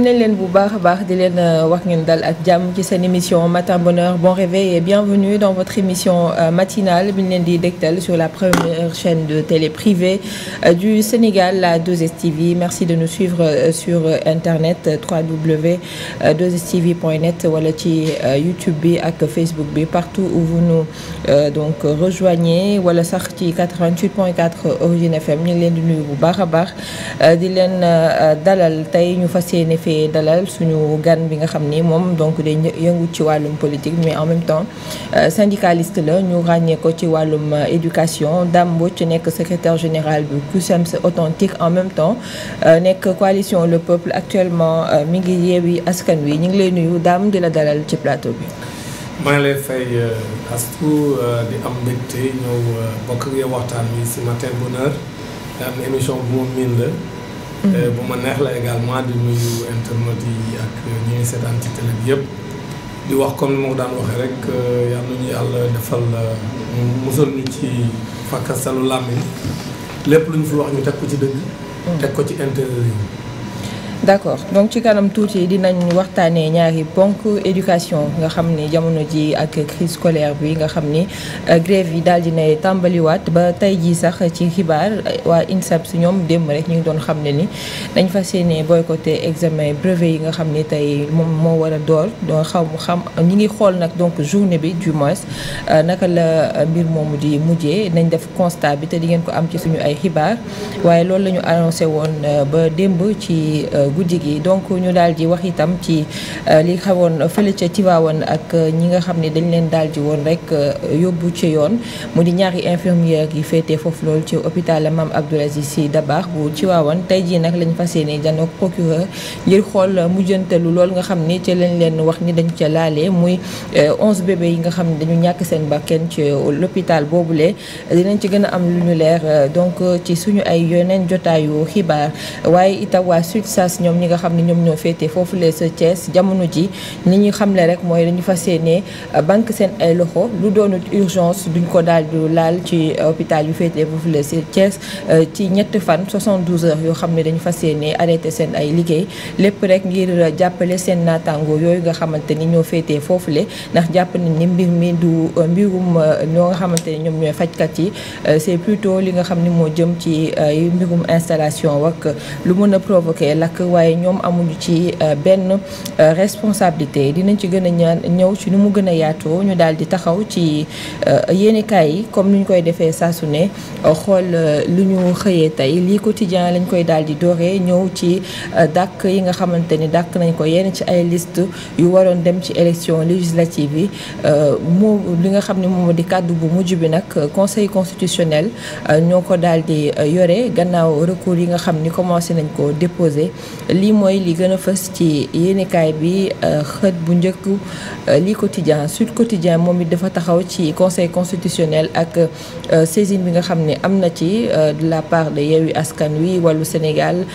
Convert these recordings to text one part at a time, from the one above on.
nuyu nañ leen bu baax a baax di leen euh, wax ngeen dal ak jàmm ci seen émission matin bonheur bon réveil et bienvenue dans votre émission euh, matinale bi leen di dégtal sur la première chaîne de télé privée euh, du Sénégal la 2 merci de nous suivre sur internet www.2stv.net wala ci YouTube bi ak Facebook bi partout où vous nous donc rejoignez wala sax ci 88.4 Origine FM ñu ngi leen di nuyu bu baax a baax di leen dalal fee dalal suñu gan bi nga xam ni moom donc day yëngu ci wàllum politique mais en même temps euh, syndicaliste la ñu ràññee ko ci wàllum euh, éducation Dame Mbodj nekk secrétaire général bu CUSEMS authentique en même temps euh, nekk coalition le peuple actuellement mi ngi yeewi askan wi ñu ngi lay nuyu dam di la dalal ci plateau bi. maa ngi lay fay astu di am mbégte ñëw bokk ak waxtaan bi si matin bonheur am émission bu mu miin la. Euh, bu ma neex la également di nuyu internet yi ak ñi ñuy seetaan ci télé bi yëpp di wax comme moo daan waxee rek euh, yal na ñu yàlla defal euh, musal ñu ci fakkastalu làmmiñ lépp lu ñu fi wax ñu teg ko ci dëgg. Mm. teg ko ci intérêt yi. d'accord donc ci kanam tuuti dinañ waxtaanee ñaari ponk éducation nga xam ni jamono ji ak crise scolaire bi nga xam ni euh, grève yi daal dinay tàmbaliwaat ba tey jii sax ci xibaar euh, waa INSEPS ñoom démb ñu ngi doon xam ne ni dañ fas yéene boycotté examen brevet yi nga xam ni tey moom moo war a door doo xaw mu xam ñi ngi xool nag donc journée bi du euh, naka la mbir moomu di mujjee nañ def constat bi te di ngeen ko am ci suñu ay xibaar waaye loolu lañu ñu woon ba démb ci guddi gi donc ñu daal di wax itam ci euh, li xewoon fële ca Tivaouane ak euh, ñi nga xam ne dañ leen daal di woon rek euh, yóbbu ci yoon mu di ñaari infirmière yi féetee foofu loolu ci hôpital Mame Abdou Aziz Sy Dabakh bu Tivaouane tey jii nag lañ fas yéene janoog procureur ngir xool mujjantalu loolu nga xam ni ci lañ leen wax ni dañu ca laale muy 11 bébé yi nga xam ne dañu ñàkk seen bakkan ci boobu boobule dinañ ci gën a am lu ñu leer donc ci suñu ay yeneen jotaayu ñoom ñi nga xam ne ñoom ñoo féetee foofu lee sa Thiès jamono ji ni ñuy xamle rek mooy dañu fa yéene euh, banque seen ay loxo lu doonut urgence duñ ko daal du laal ci euh, hôpital yu féetee foofu lee sa Thiès euh, ci ñetti fan 72 heures yoo xam ne dañu fas yéene arrêté seen ay liggéey lépp rek ngir jàppale seen naataango yooyu nga xamante ni ñoo féetee foofu le ndax jàpp nañ ni mbir mi du mbirum ñoo xamante ni ñoom ñooy fajkat yi c'est plutôt li nga xam ni moo jëm ci mbirum installation wak lu mën provoquer lakk waaye ñoom amuñu ci euh, benn euh, responsabilité dinañ ci gën a ñaan ñëw ci nu mu gën a yaatoo ñu daal di taxaw ci euh, yéenekaay yi comme ni ñu koy defee saa su ne xool lu ñu xëyee tey lii quotidien lañ koy daal di dooree ñëw ci dàkk yi nga xamante ni dàkk nañ ko yenn ci ay liste yu waroon dem ci élection législative yi mu li nga xam ne moom di kàddu bu mujj bi nag conseil constitutionnel ñoo ko daal di yore gannaaw recours yi nga xam ni commencé nañ ko déposé lii mooy li gën a fës ci yéenekaay bi euh, xët bu njëkk euh, lii quotidien Sud Quotidien moom it dafa taxaw ci conseil constitutionnel ak euh, saisine bi nga xam ne am na ci de la part de Yewwi Askan Wi wallu Sénégal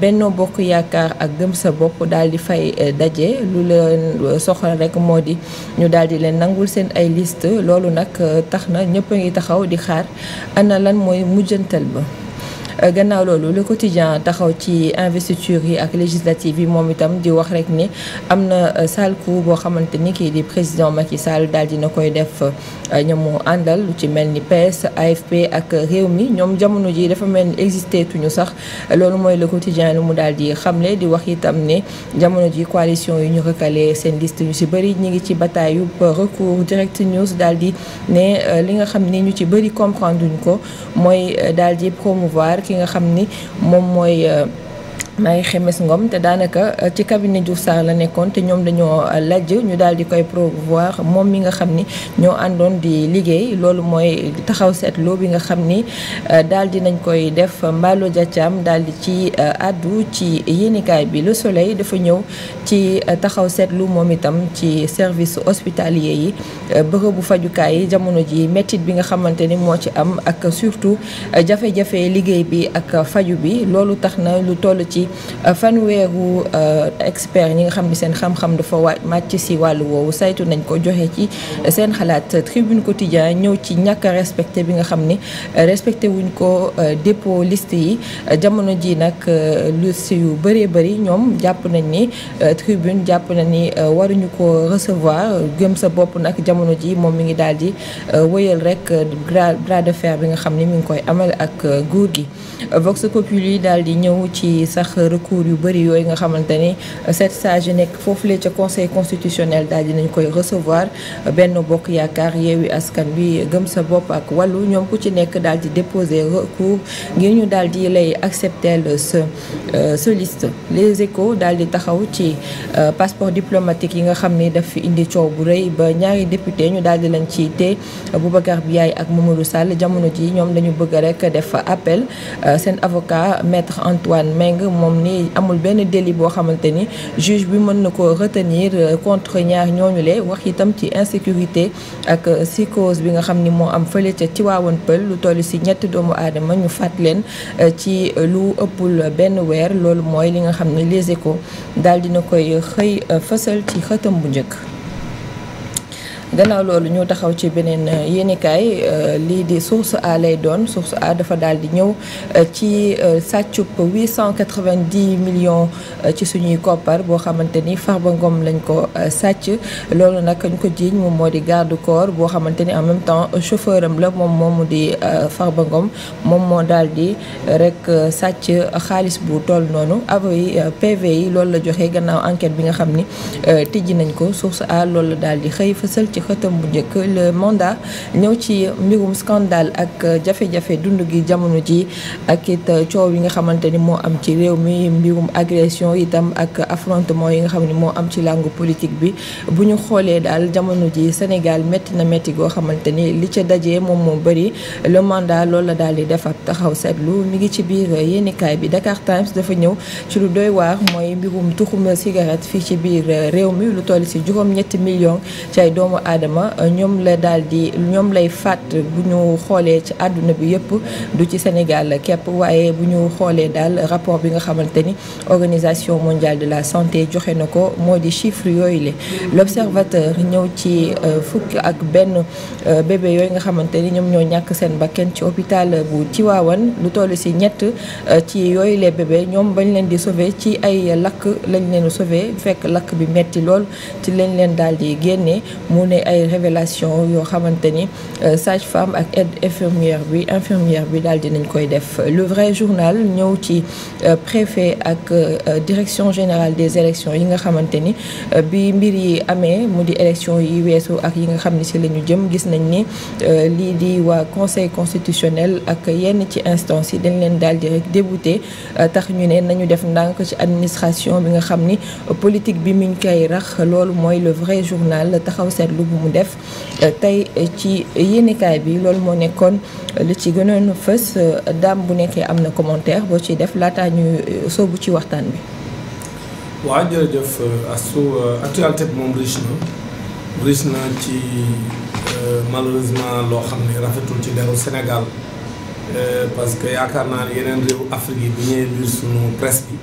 Benno Bokk Yaakaar ak Gëm Sa Bopp daal di fay daje lu leen soxla rek moo di ñu daal di leen nangul seen ay list loolu nag tax na ñëpp a ngi taxaw di xaar ana lan mooy mujjantal ba gannaaw loolu le quotidien taxaw ci investiture yi ak législative yi moom itam di wax rek ni am na euh, sale coup boo xamante ni kii di président Macky Sall daal na koy def euh, ñamu àndal lu ci mel ni PS AFP ak réew mi ñoom jamono ji dafa mel ni existé tuñu sax loolu mooy le quotidien lu mu daal di xam ne di wax itam ne jamono ji coalition yi ñu recalé seen liste ñu si bëri ñi ngi ci bataayu recours direct news daal di ne euh, li nga xam ni ñu ci bëri comprendre ñu ko mooy daal di ki nga xam ni moom mooy euh, maay xemes Ngom te daanaka euh, ci cabinet Diouf Sarr la nekkoon te ñoom dañoo euh, lajj ñu daal di koy promouvoir moom mi nga xam ni ñoo àndoon di liggéey loolu mooy taxaw seetloo bi nga xam ni euh, daal di nañ koy def Mballo Dia Thiam daal di ci àddu ci yéenekaay bi Le Soleil dafa ñëw ci taxaw seetlu moom itam ci service hospitalier yi bërëbu fajukaay yi jamono ji méttit bi nga xamante ni moo ci am ak surtout jafe-jafe liggéey bi ak faju bi loolu tax na lu toll ci ci euh, fanweeru euh, expert ñi nga xam ni seen xam-xam dafa wa màcc si wàll woowu saytu nañ ko joxe ci seen xalaat tribune quotidien ñëw ci ñàkk a bi nga xam ni euh, respecté wuñ ko dépôt list yi jamono ji nag liste yu bëree bëri ñoom jàpp nañ ni tribune jàpp na ni waruñu ko recevoir gëm sa bopp nag jamono ji moom mi ngi daal di wëyal rek bras de fer bi nga xam ni mi ngi koy amal ak góor gi Vox Populi daal di ñëw ci sax ndax recours yu bëri yooyu nga xamante ni sept sages yi nekk foofule ca conseil constitutionnel daal dinañ koy recevoir benn bokk yaakaar yeewi askan bi gëm sa bopp ak wallu ñoom ku ci nekk daal di déposer recours ngir ñu daal di lay accepter ce euh, ce liste les échos daal di taxaw ci euh, passeport diplomatique yi nga xam ni daf fi indi coow bu rëy ba ñaari député ñu daal di lañ ci te Boubacar Biaye ak Mamadou Sall jamono ji ñoom dañu bëgg rek def appel euh, seen avocat maître Antoine Meng moom ni amul benn délit boo xamante ni juge bi mën na ko retenir euh, contre ñaar ñooñu le wax itam ci insécurité ak euh, psychose bi nga xam ni moo am fële ca Tiwaawan Pël lu toll si ñetti doomu aadama ñu faat leen euh, ci lu ëppul benn weer loolu mooy li nga xam ni Les Échos daal dina koy xëy fësal ci xëtam bu njëkk gannaaw loolu ñu taxaw ci beneen euh, yéenikaay euh, lii di source a lay doon source a dafa daal di ñëw euh, ci sàccub 890 millions ci suñuy koppar boo xamante ni Farba Ngom lañ ko sàcc loolu nag ñu ko jiiñ moom moo di garde corps boo xamante ni en même temps chauffeur am la moom moomu di Farba Ngom moom moo daal di rek sàcc xaalis bu toll noonu avo yi PV yi loolu la joxe gannaaw enquête bi nga xam ni tijji nañ ko source a lool la daal di xëy fësal ci ci xëtam bu njëkk le mandat ñëw ci mbirum scandale ak jafe-jafe dund gi jamono ji ak it coow yi nga xamante ni moo am ci réew mi mbirum agression itam ak affrontement yi nga xam ni moo am ci langue politique bi bu ñu xoolee daal jamono ji Sénégal métti na métti goo xamante ni li ca dajee moom moo bëri le mandat lool la daal di def ab taxaw seetlu mi ngi ci biir yennkaay bi Dakar Times dafa ñëw ci lu doy waar mooy mbirum tuxum cigarette fii ci biir réew mi lu toll si juróom-ñetti aadama ñoom la daal di ñoom lay fàtt bu ñu xoolee ci àdduna bi yëpp du ci Sénégal képp waaye bu ñu xoolee daal rapport bi nga xamante ni organisation mondial de la santé joxe na ko moo di chiffre yooyu le l'observateur ñëw ci euh, fukk ak benn euh, bébé yooyu nga xamante ni ñoom ñoo ñàkk seen bakkan ci hôpital bu ci waawan lu toll si ñett euh, ci yooyu les bébé ñoom bañ leen di sauver ci ay lakk lañ leen sauver fekk lakk bi metti lool ci lañ leen daal di génne nay ay révélation yoo xamante ni euh, sage femme ak aide infirmière bi infirmière bi daal nañ koy def le vrai journal ñëw ci euh, préfet ak euh, direction générale des élections yi nga xamante ni bi mbir yi amee mu di élection yi weesu ak yi nga xam ne si lañu jëm gis nañ ni lii di waa conseil constitutionnel ak yenn ci instance yi dañ leen daal di rek débouté tax ñu ne nañu def ndànk ci administration bi nga xam ni politique bi mu ngi koy rax loolu mooy le vrai journal bu mu def euh, tey ci yéenekaay bi loolu moo nekkoon euh, li ci gënoon fës euh, daam bu nekkee am na commentaire boo ciy def laataa ñu soobu ci waxtaan bi. waaw jërëjëf Astou actualité bi moom riche na riche na ci malheureusement loo xam ne rafetul ci deru Sénégal parce que yaakaar naa ne yeneen réew Afrique yi bu ñëwee biir sunu presse bi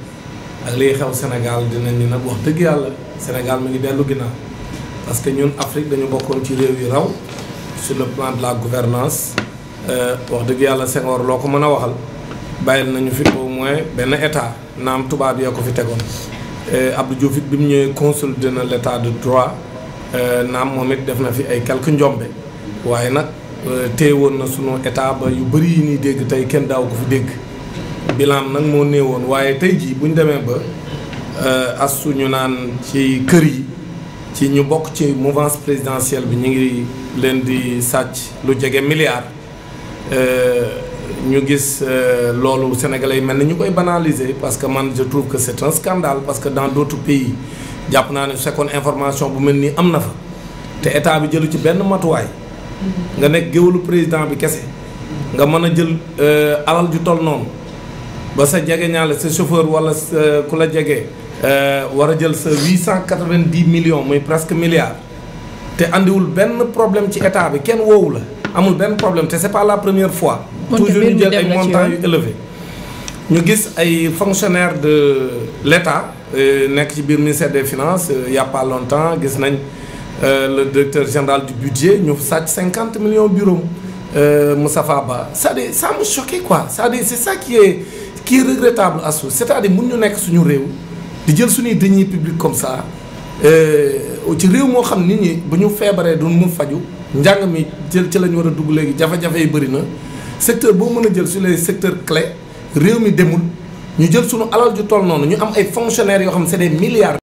ak liy xew Sénégal dinañ ni nag wax dëgg yàlla Sénégal mu ngi dellu ginnaaw. parce que ñun Afrique dañu bokkoon ci réew yu raw sur le plan de la gouvernance euh, wax dëgg yàlla Senghor loo ko mën a waxal bàyyil nañu fi au moins benn état naam tubaab yee ko fi tegoon euh, Abdou Diouf bi mu ñëwee consolider na l' état de droit euh, naam moom it def na fi ay quelques njombe waaye nag téewoon na sunu état ba yu bëri yi ñuy dégg tey kenn daaw ko fi dégg bilan nag moo néewoon waaye tey jii bu demee ba as suñu naan ci kër yi. ci ñu bokk ci mouvance présidentielle bi ñu ngi leen di sàcc lu jege milliard euh, ñu gis euh, loolu sénégalais yi mel ni ñu koy banaliser parce que man je trouve que c'est un scandale parce que dans d'autres pays jàpp naa ne su information bu mel nii am na fa te état bi jëlu ci benn matuwaay nga nekk géwlu président bi kese nga mën a jël euh, alal ju toll noonu ba sa jege ñaale sa chauffeur wala ku la jege Euh, war a jël sa 890 millions muy presque milliard te indiwul benn problème ci état bi kenn woowu la amul benn problème te c'est pas la première fois toujours ñu jël ay montants yu élevé ñu gis ay fonctionnaires de l'État euh, nekk ci biir ministère des finances euh, il y a pas longtemps gis nañ le directeur général du budget ñu sàcc 50 millions bureau Moustapha Ba c'est-à-dire ça me choqué quoi c'est-à-dire c'est ça qui est qui est regrettable c'est-à-dire mun ñu nekk suñu réew di jël suñuy deniers publics comme ça euh, ci réew moo xam nit ñi bu ñu feebaree du mu faju njàng mi jël ci la ñu war a dugg léegi jafe-jafe yi bëri na secteur boo mën a jël su les secteurs clés réew mi demul ñu jël suñu alal ju toll noonu ñu am ay fonctionnaires yoo xam c'est des milliards.